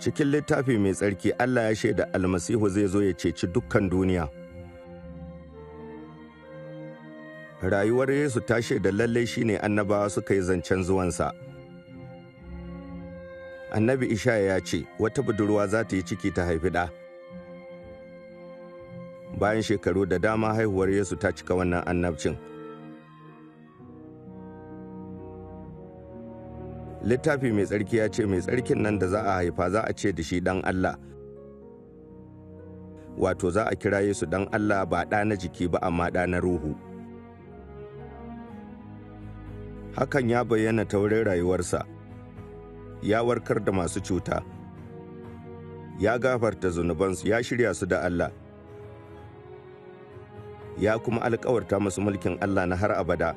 cikin littafi mai tsarki Allah ya shaida almasihu zai zo ya ceci dukkan duniya. Rayuwar Yesu ta shaida lallai shine annabawa suka yi zancen zuwansa. Annabi Ishaya ya ce, wata budurwa za ta yi ciki ta haifi ɗa. Bayan shekaru da dama haihuwar Yesu ta cika wannan annabcin. littafi mai tsarki ya ce mai tsarkin nan da za a haifa za a ce da shi dan Allah wato za a kira Yesu dan Allah ba ɗa na jiki ba amma ɗa na ruhu hakan ya bayyana ta rayuwarsa ya warkar da masu cuta ya gafarta zunubansu ya shirya su da Allah ya kuma alkawarta masu mulkin Allah na har abada.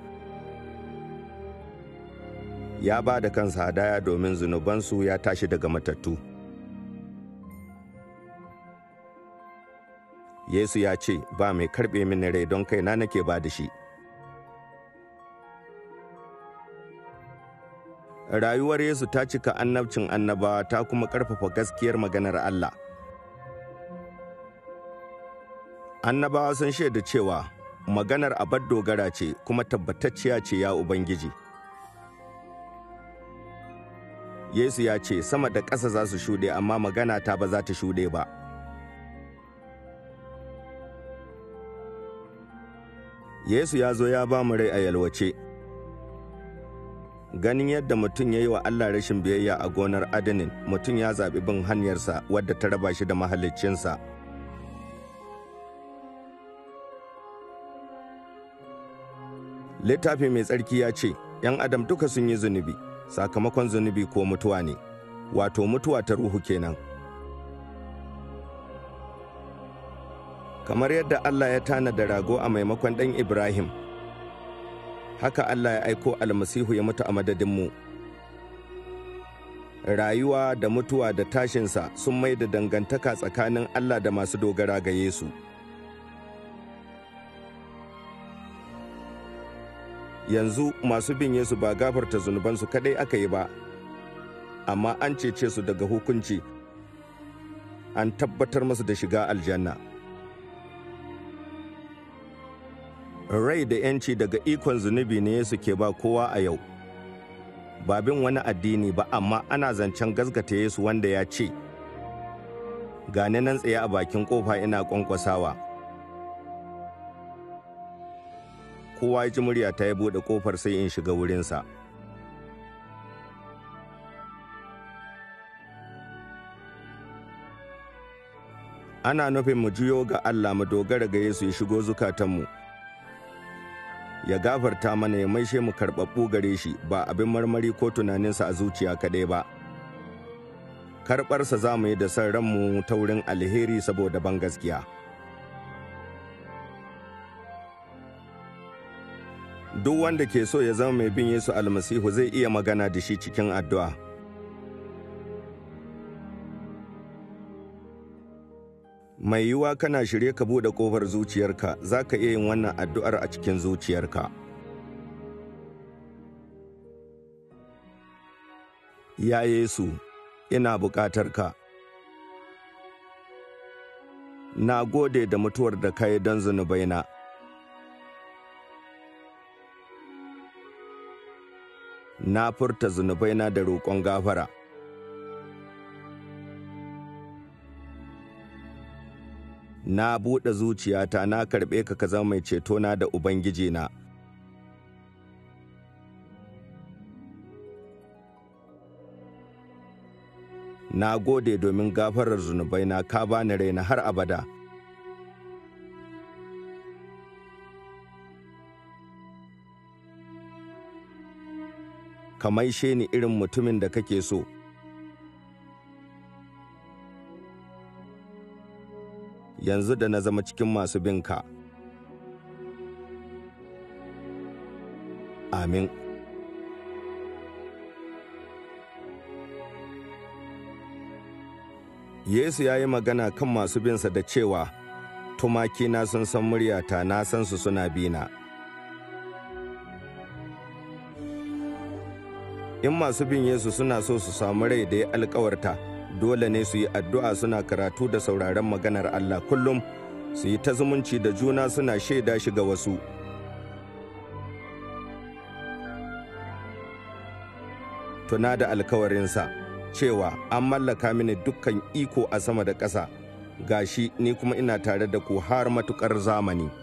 ya ba da kansa hadaya domin zunubansu ya tashi daga matattu. Yesu ya ce, Ba mai karɓe mini rai don kaina nake ba da shi. Rayuwar Yesu ta cika annabcin annabawa ta kuma karfafa gaskiyar maganar Allah. Annabawa sun shaida cewa maganar abar dogara ce kuma tabbatacciya ce ya Ubangiji. Yesu ya ce sama da ƙasa za su shuɗe amma magana ta ba za ta shuɗe ba. Yesu ya zo ya ba mu rai a yalwace. Ganin yadda mutum ya yi wa Allah rashin biyayya a gonar adanin, mutum ya zaɓi bin hanyarsa wadda ta raba shi da mahaliccinsa. Littafi mai tsarki ya ce, ‘yan adam duka sun yi zunubi’. sakamakon zunubi ko mutuwa ne wato mutuwa ta ruhu kenan kamar yadda Allah ya tana da rago a maimakon ɗan Ibrahim haka Allah ya aiko almasihu ya mutu a madadinmu rayuwa da mutuwa da tashinsa sun mai da dangantaka tsakanin Allah da masu dogara ga Yesu. yanzu masu bin Yesu ba gafarta zunubansu kadai aka yi ba, amma an cece su daga hukunci, an tabbatar masu da shiga aljanna. Rai da ‘yanci daga ikon zunubi ne Yesu ke ba kowa a yau, ba bin wani addini ba amma ana zancen gazgata Yesu wanda ya ce, Gane nan tsaye a bakin ƙofa ina kwankwasawa. kowa ya ji murya ta ya buɗe kofar sai in shiga wurinsa. Ana nufin mu juyo ga Allah mu dogara ga Yesu ya shigo zukatanmu. Ya gafarta mana ya maishe mu karɓaɓɓu gare shi ba abin marmari ko tunaninsa a zuciya kaɗai ba. Karɓarsa za mu yi da san ranmu ta wurin alheri saboda ban gaskiya. duk wanda ke so ya zama mai bin Yesu almasihu zai iya magana da shi cikin addu'a. Mai yiwuwa kana shirye ka bude kofar zuciyarka za ka iya yin wannan addu'ar a cikin zuciyarka. Ya Yesu, ina buƙatar ka. Na gode da mutuwar da ka yi don zunubaina. na furta zunubai na da roƙon gafara. Na buɗe zuciyata na karɓe ka ka zama mai cetona da Ubangijina. Na gode domin gafarar zunubai na ka bani raina har abada. ka maishe ni irin mutumin da kake so. Yanzu da na zama cikin masu binka. Amin. Yesu ya yi magana kan masu binsa da cewa, Tumaki na sun san muryata na san su suna bina. in masu bin Yesu suna so su samu rai da ya alkawarta dole ne su yi addu'a suna karatu da sauraron maganar Allah kullum su yi ta zumunci da juna suna shaida shi ga wasu. Tuna da alkawarinsa cewa an mallaka mini dukkan iko a sama da ƙasa gashi ni kuma ina tare da ku har matuƙar zamani.